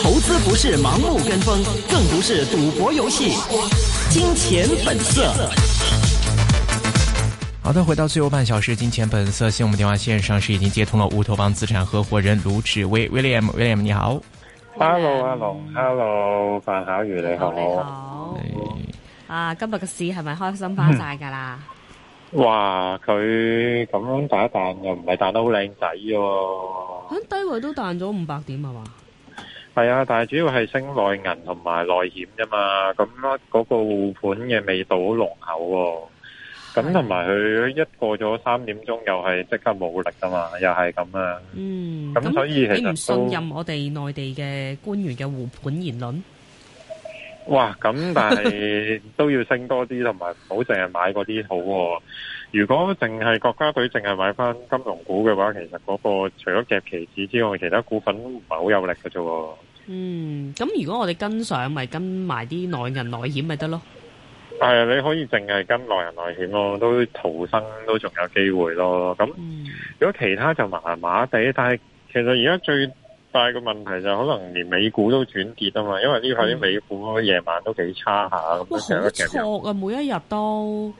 投資不是盲目跟風，更不是賭博遊戲。金錢本色。好的，回到最後半小時，《金錢本色》。先，我們電話線上是已經接通了烏托邦資產合夥人盧志威 （William），William，你好。Hello，Hello，Hello，范巧宇，你好。你、right. 好、ah,。啊， 今日嘅市係咪開心翻晒噶啦？嘩，佢咁樣打一彈又唔係彈得好靚仔喎，喺低位都彈咗五百點係嘛？係啊，但係主要係升內銀同埋內險啫嘛，咁嗰個護盤嘅味道好濃厚喎，咁同埋佢一過咗三點鐘又係即刻冇力噶嘛，又係咁啊。嗯，咁所以其實你唔信任我哋內地嘅官員嘅護盤言論。 哇，咁但係都要升多啲，同埋唔好淨係買嗰啲好。如果淨係國家隊淨係買翻金融股嘅話，其實嗰個除咗隻期指之外，其他股份唔係好有力嘅啫。嗯，咁如果我哋跟上，咪跟埋啲內銀內險咪得咯。係、啊，你可以淨係跟內銀內險咯，都逃生都仲有機會咯。咁如果其他就麻麻地，但係其實而家最。但係個問題就可能連美股都轉跌啊嘛，因為呢排啲美股夜晚都幾差下咁。好、嗯、錯啊！每一日都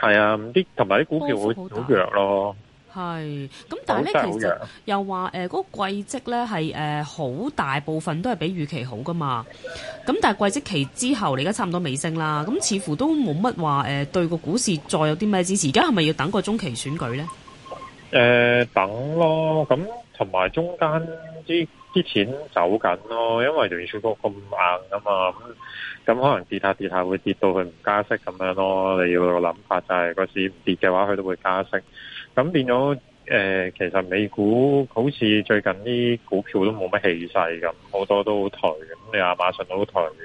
係啊，啲同埋，啲股票會好弱咯、啊。係咁，但係咧其實又話誒，嗰、呃那個季績咧係誒好大部分都係比預期好噶嘛。咁但係季績期之後，你而家差唔多尾聲啦。咁似乎都冇乜話誒，對個股市再有啲咩支持。而家係咪要等個中期選舉咧？誒、呃，等咯，咁、嗯。同埋中間啲啲錢走緊咯，因為聯儲局咁硬啊嘛，咁咁可能跌下跌下會跌到佢唔加息咁樣咯。你要諗法就係個市跌嘅話，佢都會加息。咁變咗、呃、其實美股好似最近啲股票都冇乜氣勢咁，好多都好頹咁，你亞馬遜都好頹，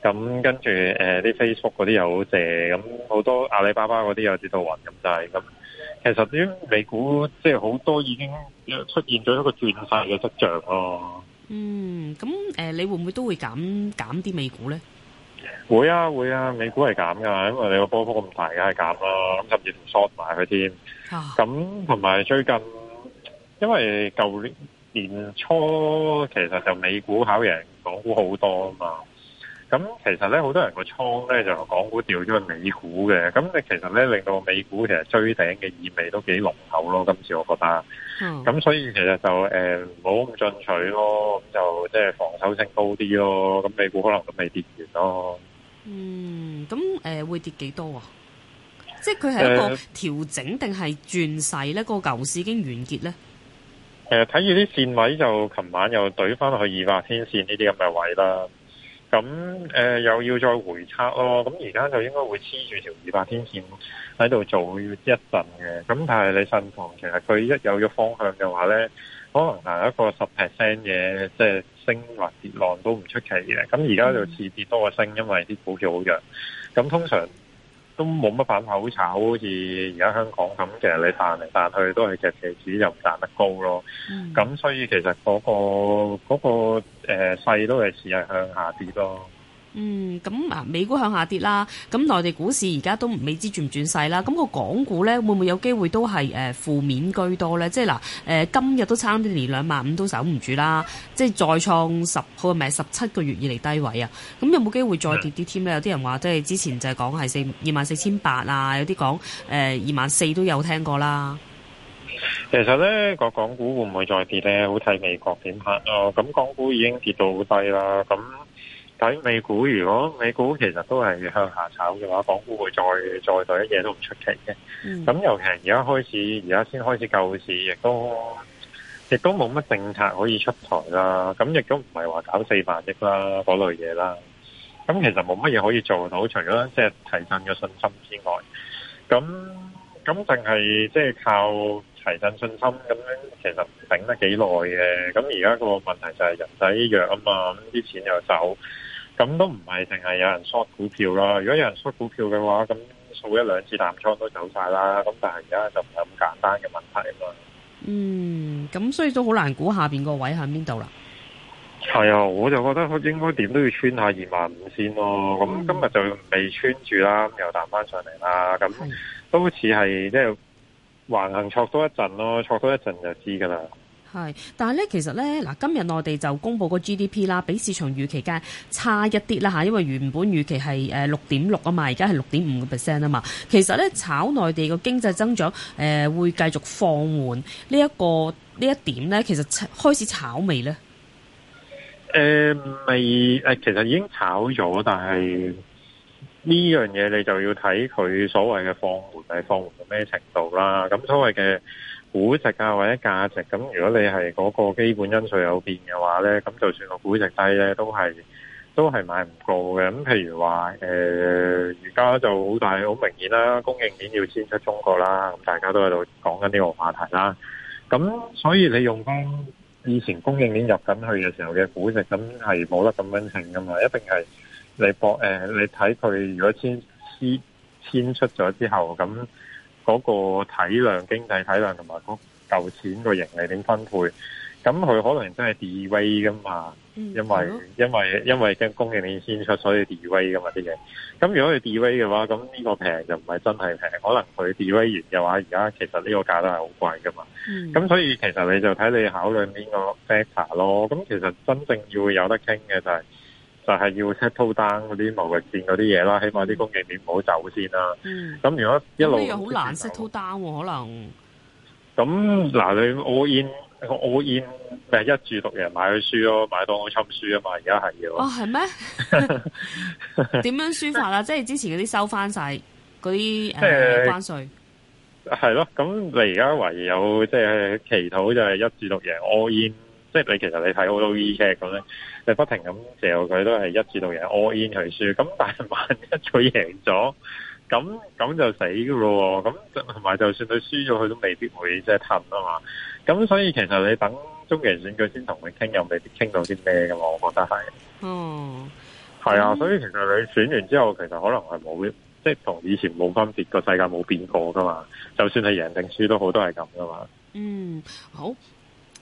咁跟住誒啲 Facebook 嗰啲又好借，咁好多阿里巴巴嗰啲又跌到暈咁滯咁。其實啲美股即係好多已經出現咗一個轉勢嘅迹象咯。嗯，咁誒、呃，你會唔會都會減減啲美股咧？會啊會啊，美股係減噶，因為你個波幅咁大，梗係減啦，甚至唔 short 埋佢添。咁同埋最近，因為舊年年初其實就美股考贏港股好多啊嘛。咁其實咧，好多人個倉咧就港股掉咗去美股嘅，咁你其實咧令到美股其實追頂嘅意味都幾濃厚咯。今次我覺得，咁、嗯、所以其實就唔好咁進取咯，咁就即係防守性高啲咯。咁美股可能都未跌完咯。嗯，咁誒、呃、會跌幾多？啊？即係佢係一個調整定係、呃、轉勢咧？個牛市已經完結咧？誒、呃，睇住啲線位就，琴晚又懟翻落去二百天線呢啲咁嘅位啦。咁、嗯、誒、呃、又要再回測咯，咁而家就應該會黐住條二百天線喺度做一陣嘅。咁但係你信堂其實佢一有咗方向嘅話咧，可能行一個十 percent 嘅，即係升或跌浪都唔出奇嘅。咁而家就似跌多過升，因為啲股票好弱。咁、嗯、通常。都冇乜反口炒，好似而家香港咁。其實你彈嚟彈去都係隻旗子，又唔彈得高咯。咁、嗯、所以其實嗰、嗰個嗰、嗰個、嗰個呃、勢都係似係向下跌咯。嗯，咁啊，美股向下跌啦，咁內地股市而家都未知轉唔轉勢啦，咁個港股呢，會唔會有機會都係誒負面居多呢？即係嗱，誒、呃、今日都差啲連兩萬五都守唔住啦，即係再創十好，係咪十七個月以嚟低位啊！咁有冇機會再跌啲添呢？嗯、有啲人話即係之前就係講係四二萬四千八啊，有啲講誒二萬四都有聽過啦。其實呢個港股會唔會再跌呢？好睇美國點吓哦！咁港股已經跌到好低啦，咁。睇美股，如果美股其實都係向下炒嘅話，港股會再再對一嘢都唔出奇嘅。咁、嗯、尤其而家開始，而家先開始救市，亦都亦都冇乜政策可以出台啦。咁亦都唔係話搞四萬億啦嗰類嘢啦。咁其實冇乜嘢可以做到，除咗即係提振嘅信心之外，咁。咁淨係即係靠提振信心，咁樣其實頂得幾耐嘅。咁而家個問題就係人仔弱啊嘛，咁啲錢又走，咁都唔係淨係有人 short 股票啦。如果有人 short 股票嘅話，咁掃一兩次淡倉，都走晒啦。咁但係而家就唔係咁簡單嘅問題啊嘛。嗯，咁所以都好難估下邊個位喺邊度啦。係啊，我就覺得應該點都要穿下二萬五先咯。咁、嗯、今日就未穿住啦，又彈翻上嚟啦，咁。都好似係即係橫行錯多一陣咯，錯多一陣就知噶啦。係，但係咧，其實咧嗱，今日內地就公布個 GDP 啦，比市場預期介差一啲啦吓，因為原本預期係誒六點六啊嘛，而家係六點五個 percent 啊嘛。其實咧炒內地個經濟增長誒、呃、會繼續放緩呢一個呢一點咧，其實開始炒未咧？誒，未誒，其實已經炒咗，但係。呢樣嘢你就要睇佢所謂嘅放緩係放緩到咩程度啦。咁所謂嘅估值啊或者價值，咁如果你係嗰個基本因素有變嘅話呢，咁就算個估值低呢，都係都係買唔過嘅。咁譬如話誒，而家就好大好明顯啦，供應鏈要遷出中國啦，咁大家都喺度講緊呢個話題啦。咁所以你用翻以前供應鏈入緊去嘅時候嘅估值，咁係冇得咁樣升㗎嘛，一定係。你博誒、呃，你睇佢如果先先遷出咗之後，咁嗰個體量、經濟體量同埋個舊錢個盈利點分配，咁佢可能真係 d v 噶嘛、嗯？因為、嗯、因為因為驚供應鏈遷出，所以 d v 噶嘛啲嘢。咁如果佢 d v 嘅話，咁呢個平就唔係真係平，可能佢 d v 完嘅話，而家其實呢個價都係好貴噶嘛。咁、嗯、所以其實你就睇你考慮邊個 sector 咯。咁其實真正要有得傾嘅就係、是。就係、是、要 c h e c to 單嗰啲貿易戰嗰啲嘢啦，起碼啲供應鏈唔好走先啦。咁、嗯、如果一路，呢個好難識 to 單可能。咁嗱，你 all in，all in 咪一注獨贏買佢輸咯，買到我川普輸啊嘛，而家係要。哦，係咩？點 樣書輸法啦？ 即係之前嗰啲收翻晒嗰啲誒關稅。係咯，咁你而家唯有即係祈禱，就係、是、一注獨贏 all in。 即係你其實你睇好多 E 劇咁咧，你不停咁成日佢都係一致到贏，all in 去輸。咁但係萬一佢贏咗，咁咁就死噶咯。咁同埋就算佢輸咗，佢都未必會即係氹啊嘛。咁所以其實你等中期選舉先同佢傾，又未必傾到啲咩噶嘛。我覺得係。嗯。係啊，所以其實你選完之後，其實可能係冇，即係同以前冇分別，個世界冇變過噶嘛。就算係贏定輸都好，都係咁噶嘛。嗯、oh, um.，好。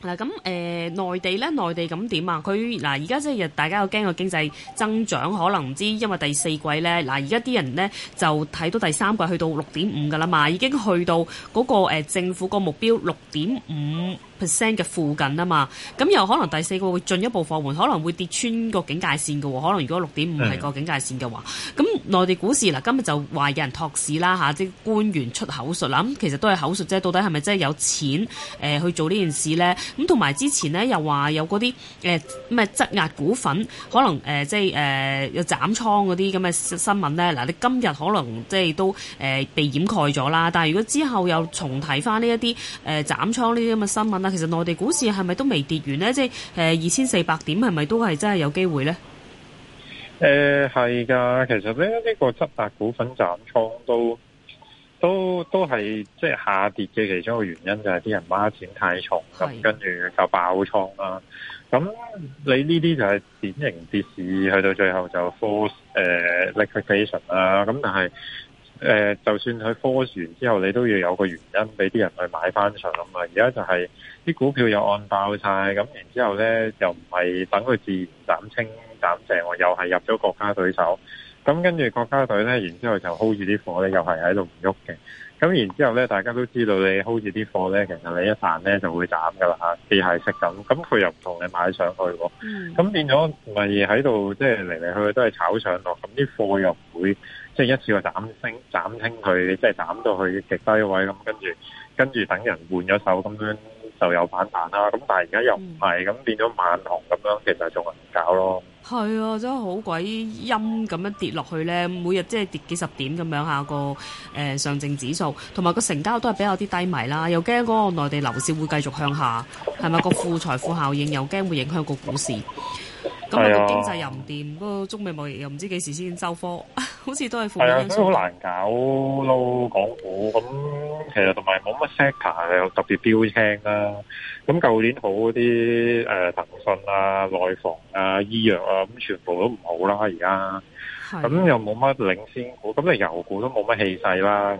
嗱咁誒內地咧，內地咁點啊？佢嗱而家即係日，呃、大家有驚個經濟增長可能唔知，因為第四季咧，嗱而家啲人咧就睇到第三季去到六點五㗎啦嘛，已經去到嗰、嗰個、呃、政府個目標六點五。percent 嘅附近啊嘛，咁又可能第四個會進一步放緩，可能會跌穿個警戒線嘅喎。可能如果六點五係個警戒線嘅話，咁、嗯、內地股市嗱今日就話有人托市啦吓，即啲官員出口術啦，咁其實都係口術啫。到底係咪真係有錢誒去做呢件事咧？咁同埋之前咧又話有嗰啲誒咩質押股份，可能誒、呃、即係誒有斬倉嗰啲咁嘅新聞咧。嗱，你今日可能即係都誒、呃、被掩蓋咗啦。但係如果之後又重提翻呢一啲誒斬倉呢啲咁嘅新聞啦。其實內地股市係咪都未跌完呢？即係誒，二千四百點係咪都係真係有機會呢？誒、呃，係噶，其實咧呢、這個質押股份斬倉都都都係即係下跌嘅其中一個原因，就係啲人孖展太重，跟住就爆倉啦。咁你呢啲就係典型跌市，去到最後就 force 誒、呃、liquidation 啦。咁但係。誒、呃，就算佢科船之後，你都要有個原因俾啲人去買翻上咁嘛！而家就係啲股票又按爆曬，咁然之後咧，又唔係等佢自然斬清斬淨喎，又係入咗國家隊手，咁跟住國家隊咧，然之後就 hold 住啲貨咧，又係喺度唔喐嘅。咁然之後咧，大家都知道你 hold 住啲貨咧，其實你一旦咧就會斬㗎啦嚇，係識咁。咁佢又唔同你買上去喎，咁、嗯、變咗咪喺度即係嚟嚟去去都係炒上落，咁啲貨又唔會。即係一次過斬升、斬清佢，即係斬到佢極低位咁、嗯，跟住跟住等人換咗手咁樣就有反彈啦。咁但係而家又唔係，咁變咗慢行咁樣，其實仲係唔搞咯。係啊，真係好鬼陰咁樣跌落去咧，每日即係跌幾十點咁樣下個誒、呃、上證指數，同埋個成交都係比較啲低迷啦，又驚嗰個內地樓市會繼續向下，係咪個負財富效應又驚會影響個股市？咁啊，經濟又唔掂，個 中美貿易又唔知幾時先收科，好似都係負面因素，好難搞咯，港股咁其實同埋冇乜 sector 特別標青啊。咁舊年好嗰啲誒騰訊啊、內房啊、醫藥啊，咁全部都唔好啦。而家咁又冇乜領先股，咁你油股都冇乜氣勢啦。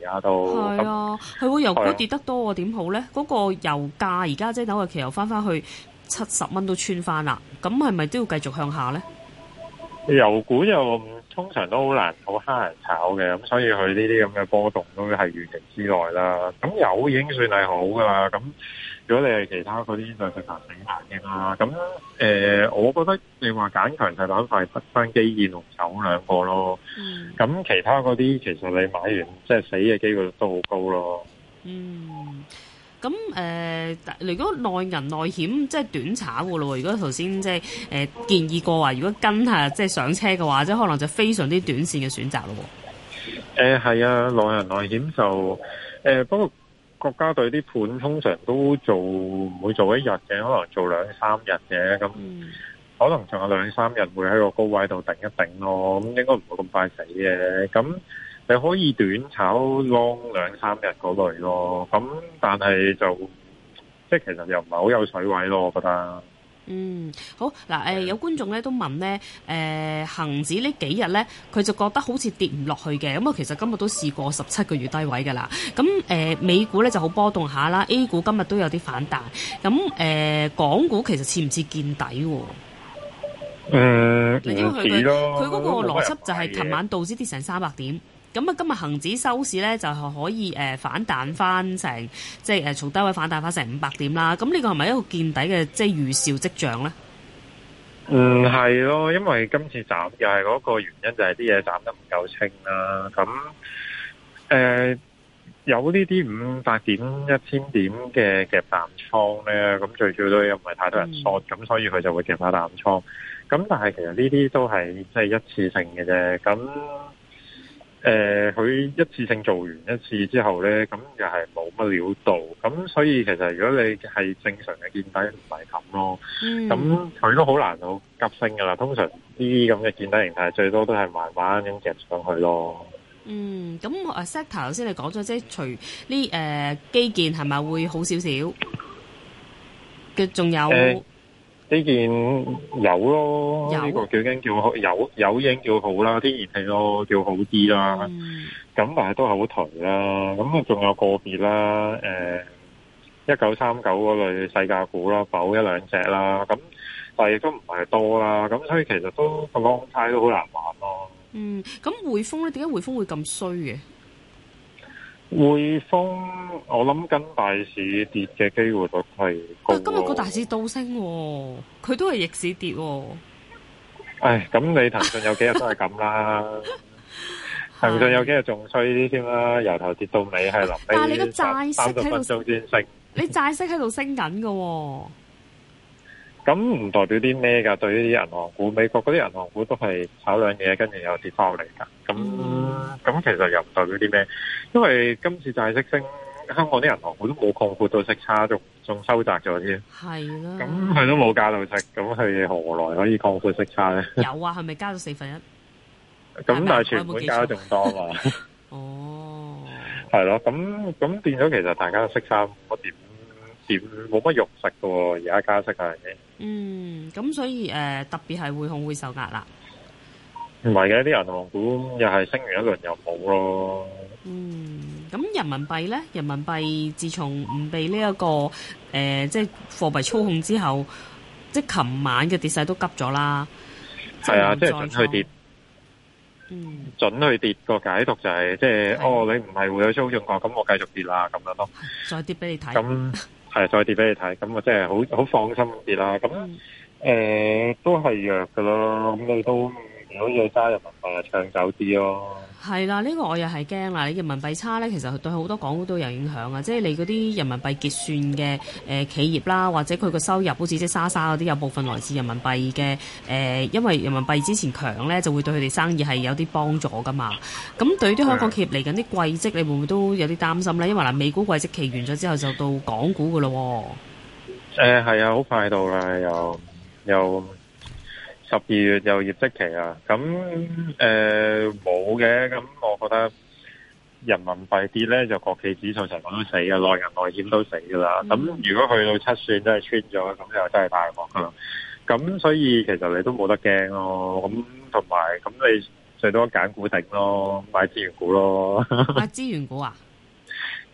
而家都係啊，係喎、啊，油股跌得多啊，點好咧？嗰、嗰個油價而家即係紐約期油翻翻去七十蚊都穿翻啦。咁係咪都要繼續向下咧？油股又通常都好難，好蝦人炒嘅，咁所以佢呢啲咁嘅波動都係預期之內啦。咁油已經算係好噶啦，咁、嗯。如果你係其他嗰啲就食行死行嘅啦，咁誒、呃，我覺得你話揀強勢板塊，北山基電同酒兩個咯。咁、嗯、其他嗰啲其實你買完即係、就是、死嘅機會都好高咯。嗯，咁誒，呃、如果內銀內險即係短炒嘅咯。如果頭先即係誒建議過話，如果跟下即係上車嘅話，即係可能就非常之短線嘅選擇咯。誒、呃，係啊，內銀內險就誒、呃、不過。國家隊啲盤通常都做，唔會做一日嘅，可能做兩三日嘅，咁可能仲有兩三日會喺個高位度頂一頂咯，咁應該唔會咁快死嘅。咁你可以短炒 long 兩三日嗰類咯，咁但係就即係其實又唔係好有水位咯，我覺得。嗯，好嗱，誒、呃、有觀眾咧都問咧，誒、呃、恆指這幾呢幾日咧，佢就覺得好似跌唔落去嘅，咁啊其實今日都試過十七個月低位嘅、呃、啦，咁誒美股咧就好波動下啦，A 股今日都有啲反彈，咁誒、呃、港股其實似唔似見底喎？誒、呃，因為佢佢嗰個邏輯就係琴晚道指跌成三百點。咁啊，今日恒指收市咧就係可以誒反彈翻成，即係誒從低位反彈翻成五百點啦。咁呢個係咪一個見底嘅即係預兆跡象咧？唔係咯，因為今次斬又係嗰個原因就係啲嘢斬得唔夠清啦。咁誒有呢啲五百點、一千點嘅夾淡倉咧，咁最主要都又唔係太多人索，咁所以佢就會夾下淡倉。咁但係其實呢啲都係即係一次性嘅啫。咁誒、呃，佢一次性做完一次之後咧，咁又係冇乜料到，咁所以其實如果你係正常嘅見底，唔係咁咯。咁、嗯、佢都好難到急升噶啦。通常呢啲咁嘅見底形態，最多都係慢慢咁夾上去咯。嗯，咁誒，sector 頭先你講咗，即係除呢誒、呃、基建係咪會好少少嘅？仲有。呃呢件有咯，呢、呢個經叫緊叫好有有影叫好啦，天然氣咯叫好啲啦，咁但係都係好頹啦，咁啊仲有個別啦，誒一九三九嗰類世界股啦，跑一兩隻啦，咁但係亦都唔係多啦，咁所以其實都個港股都好難玩咯。嗯，咁匯豐呢，點解匯豐會咁衰嘅？匯豐，我諗緊大市跌嘅機會都係高，但今日個大市倒升、哦，佢都係逆市跌、哦。唉、哎，咁你騰訊有幾日都係咁啦，騰 訊有幾日仲衰啲添啦，由 頭跌到尾係臨尾三百多分鐘先升，你債息喺度升緊噶、哦，咁唔代表啲咩噶？對於啲銀行股，美國嗰啲銀行股都係炒兩嘢，跟住又跌翻落嚟噶，咁。嗯咁其實又唔代表啲咩，因為今次債息升，香港啲銀行都冇擴闊到息差，仲仲收窄咗添。係啦、啊，咁佢都冇加到息，咁佢何來可以擴闊息差咧？有啊，係咪加咗四分一？咁但係全款加得仲多嘛？ 哦，係咯、啊，咁咁變咗其實大家息差我點冇乜肉食㗎喎，而家加息係嘅。嗯，咁所以、呃、特別係匯控會受壓啦。唔係嘅，啲銀行股又係升完一輪又冇咯。嗯，咁人民幣咧，人民幣自從唔被呢、這、一個誒、呃，即係貨幣操控之後，即係琴晚嘅跌勢都急咗啦。係啊，即係準去跌。嗯，准去跌個解讀就係、是，即係哦，你唔係會有操縱個，咁我繼續跌啦，咁樣咯。再跌俾你睇。咁係 再跌俾你睇，咁我即係好好放心跌啦。咁誒、嗯呃，都係弱噶咯，咁你都。好種加入民幣係長久啲咯，係啦、哦，呢、這個我又係驚啦。你人民幣差呢，其實對好多港股都有影響啊！即係你嗰啲人民幣結算嘅誒、呃、企業啦，或者佢個收入好似即係沙沙嗰啲，有部分來自人民幣嘅誒，因為人民幣之前強呢，就會對佢哋生意係有啲幫助噶嘛。咁對啲香港企業嚟緊啲季績，你會唔會都有啲擔心呢？因為嗱、呃，美股季績期完咗之後，就到港股噶咯喎。誒係啊，好快到啦，又又。有十二月就業績期啊，咁誒冇嘅，咁、呃、我覺得人民幣跌咧，就國企指數成日都死嘅，內銀內險都死噶啦。咁如果去到七算都係穿咗，咁又真係大鑊啦。咁所以其實你都冇得驚咯。咁同埋咁你最多揀股頂咯，買資源股咯。買資源股啊？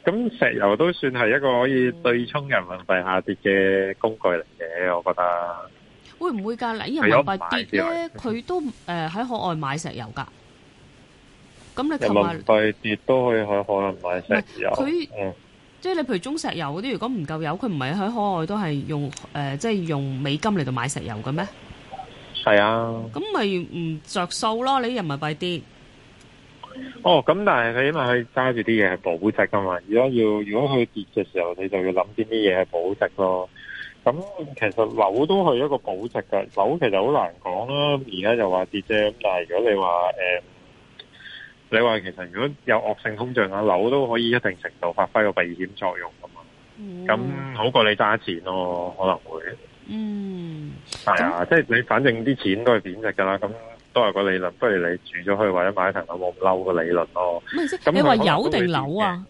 咁 石油都算係一個可以對沖人民幣下跌嘅工具嚟嘅，我覺得。會唔會噶？你人民幣跌咧，佢都誒喺、呃、海外買石油噶。咁你人民幣跌都可以喺海外買石油。佢、嗯、即係你譬如中石油嗰啲，如果唔夠油，佢唔係喺海外都係用誒、呃，即係用美金嚟到買石油嘅咩？係啊。咁咪唔着數咯？你人民幣跌。哦，咁但係你因為佢揸住啲嘢係保值噶嘛？如果要如果佢跌嘅時候，你就要諗啲啲嘢係保值咯。咁、嗯、其實樓都係一個保值㗎。樓，其實好難講啦。而家就話跌啫，咁但係如果你話誒、嗯，你話其實如果有惡性通脹，啊樓都可以一定程度發揮個避險作用噶嘛。咁、嗯、好過你揸錢咯，可能會。嗯，係啊，嗯、即係你反正啲錢都係貶值噶啦，咁都係個理論。不如你住咗去或者買一層樓冇嬲個理論咯。咁、嗯、你話油定樓啊？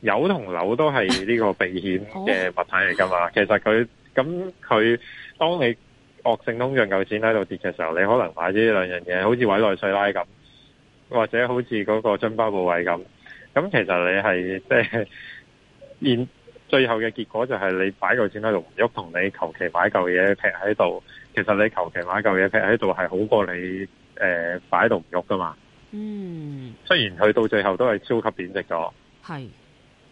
油同樓都係呢個避險嘅物體嚟噶嘛？其實佢。咁佢，當你惡性通脹嚿錢喺度跌嘅時候，你可能買呢兩樣嘢，好似委內瑞拉咁，或者好似嗰個津巴布韋咁。咁其實你係即係，現、就是、最後嘅結果就係你擺嚿錢喺度唔喐，同你求其擺嚿嘢劈喺度。其實你求其擺嚿嘢劈喺度係好過你誒擺喺度唔喐噶嘛。嗯，雖然佢到最後都係超級貶值咗。係。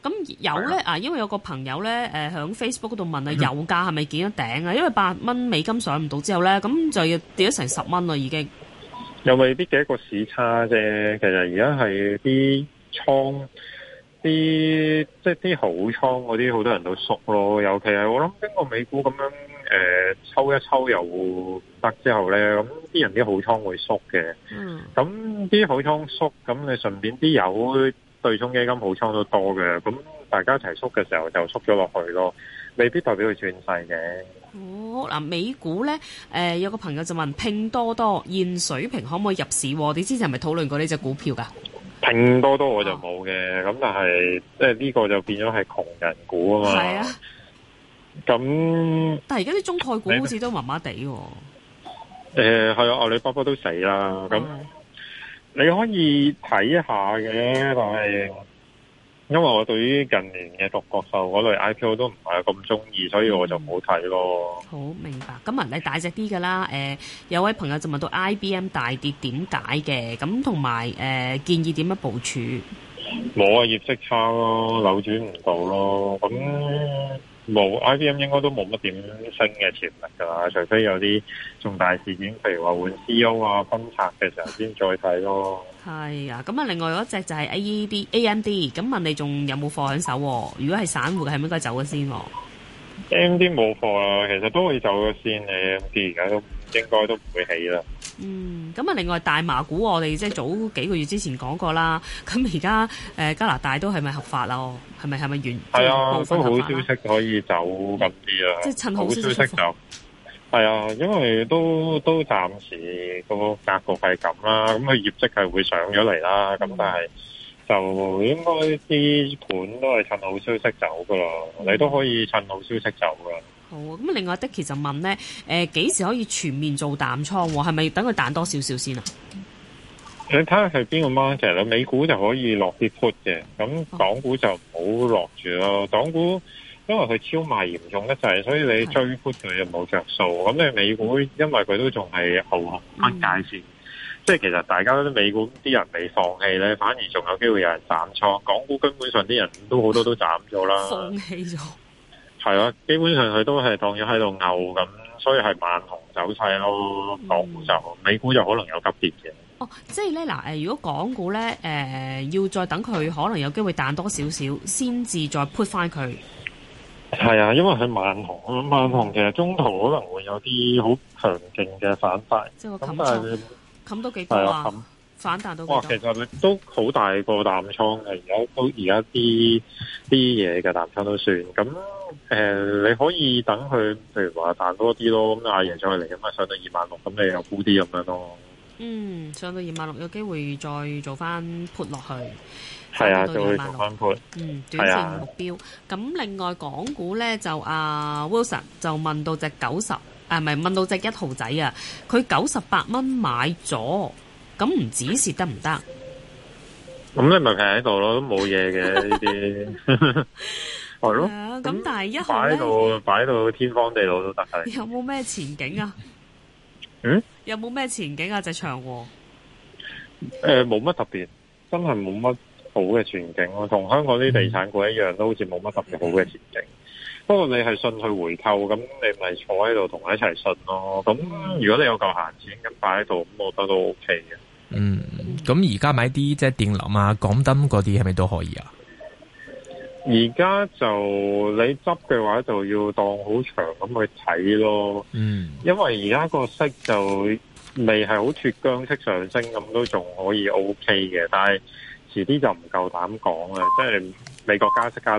咁有咧啊，因為有個朋友咧，誒喺 Facebook 嗰度問啊，油價係咪見得頂啊？因為八蚊美金上唔到之後咧，咁就要跌咗成十蚊啦，已經。又未必幾個市差啫？其實而家係啲倉，啲即係啲好倉嗰啲好多人都縮咯。尤其係我諗經過美股咁樣誒抽一抽又唔得之後咧，咁啲人啲好倉會縮嘅。嗯。咁啲好倉縮，咁你順便啲油。對沖基金好倉都多嘅，咁大家一齊縮嘅時候就縮咗落去咯，未必代表佢轉勢嘅。哦，嗱，美股咧，誒、呃，有個朋友就問拼多多現水平可唔可以入市？你之前係咪討論過呢隻股票噶？拼多多我就冇嘅，咁、啊、但係即係呢個就變咗係窮人股啊嘛。係啊。咁，但係而家啲中概股好似都麻麻地。誒、係、呃、啊、呃，阿里巴巴都死啦。咁、嗯。嗯你可以睇一下嘅，但係因為我對於近年嘅獨角獸嗰類 IPO 都唔係咁中意，所以我就唔好睇咯。嗯、好明白，咁啊，你大隻啲㗎啦。誒，有位朋友就問到 IBM 大跌點解嘅？咁同埋誒建議點樣部署？冇啊，業績差咯，扭轉唔到咯，咁、嗯。嗯嗯冇，I B M 應該都冇乜點新嘅潛力㗎啦，除非有啲重大事件，譬如話換 C E O 啊分拆嘅時候先再睇咯。係 啊，咁啊，另外一隻就係 A E D A M D，咁問你仲有冇貨喺手？如果係散戶嘅，係咪應該走咗先？M D 冇貨啦，其實都可以走咗先你 M D 而家都。應該都唔會起啦。嗯，咁啊，另外大麻股我哋即係早幾個月之前講過啦。咁而家誒加拿大都係咪合法是是是是啊？係咪係咪軟？係啊，都好消息可以走咁啲，嗯嗯，啊。即係、啊、趁好消息走。係啊，因為都都暫時個格局係咁啦。咁佢業績係會上咗嚟啦。咁但係就應該啲盤都係趁好消息走噶喇，你都可以趁好消息走噶。好咁另外 Dicky 就問咧，幾、呃、時可以全面做淡倉？係咪等佢彈多少少先啊？你睇下係邊個 market 美股就可以落啲 put 嘅，咁港股就唔好落住咯。港、哦、股因為佢超賣嚴重得滯所以你追 put 佢又冇著數。咁你美股、嗯、因為佢都仲係後冇分界線，嗯、即係其實大家都美股啲人未放棄咧，反而仲有機會有人斬倉。港股根本上啲人都好多都斬咗啦， 放棄咗。係啊，基本上佢都係當要喺度牛咁，所以係慢熊走勢咯。港股、嗯、就，美股又可能有急跌嘅。哦，即係咧嗱，誒，如果港股咧，誒、呃，要再等佢可能有機會彈多少少，先至再 put 翻佢。係啊，因為喺慢熊，慢熊其實中途可能會有啲好強勁嘅反反。即係我冚到，冚到幾多啊？反彈到哇，其實都好大個淡倉嘅。而家都而家啲啲嘢嘅淡倉都算咁。誒、呃，你可以等佢，譬如話彈多啲咯。咁阿爺再嚟咁啊，上到二萬六咁，你又沽啲咁樣咯。嗯，上到二萬六有機會再做翻撥落去，係啊，再做翻撥。嗯，短線啊，目標咁。另外，港股咧就阿 Wilson 就問到隻九十誒，咪問問到隻一號仔啊。佢九十八蚊買咗。咁唔止蝕得唔得？咁你咪平喺度咯，都冇嘢嘅呢啲，係咯。咁但係一號咧，擺喺度，擺到天荒地老都得係。有冇咩前景啊？嗯？有冇咩前景啊？隻、嗯、倉？誒、啊、冇、呃、乜特別，真係冇乜好嘅前景咯。同香港啲地產股一樣，都好似冇乜特別好嘅前景。嗯、不過你係信佢回購，咁你咪坐喺度同佢一齊信咯。咁如果你有夠閒錢咁擺喺度，咁我覺得都 OK 嘅。嗯，咁而家買啲即係電樓啊、港燈嗰啲係咪都可以啊？而家就你執嘅話，就要當好長咁去睇咯。嗯，因為而家個息就未係好脫韁式上升，咁都仲可以 OK 嘅，但係遲啲就唔夠膽講啦。即係美國加息加到。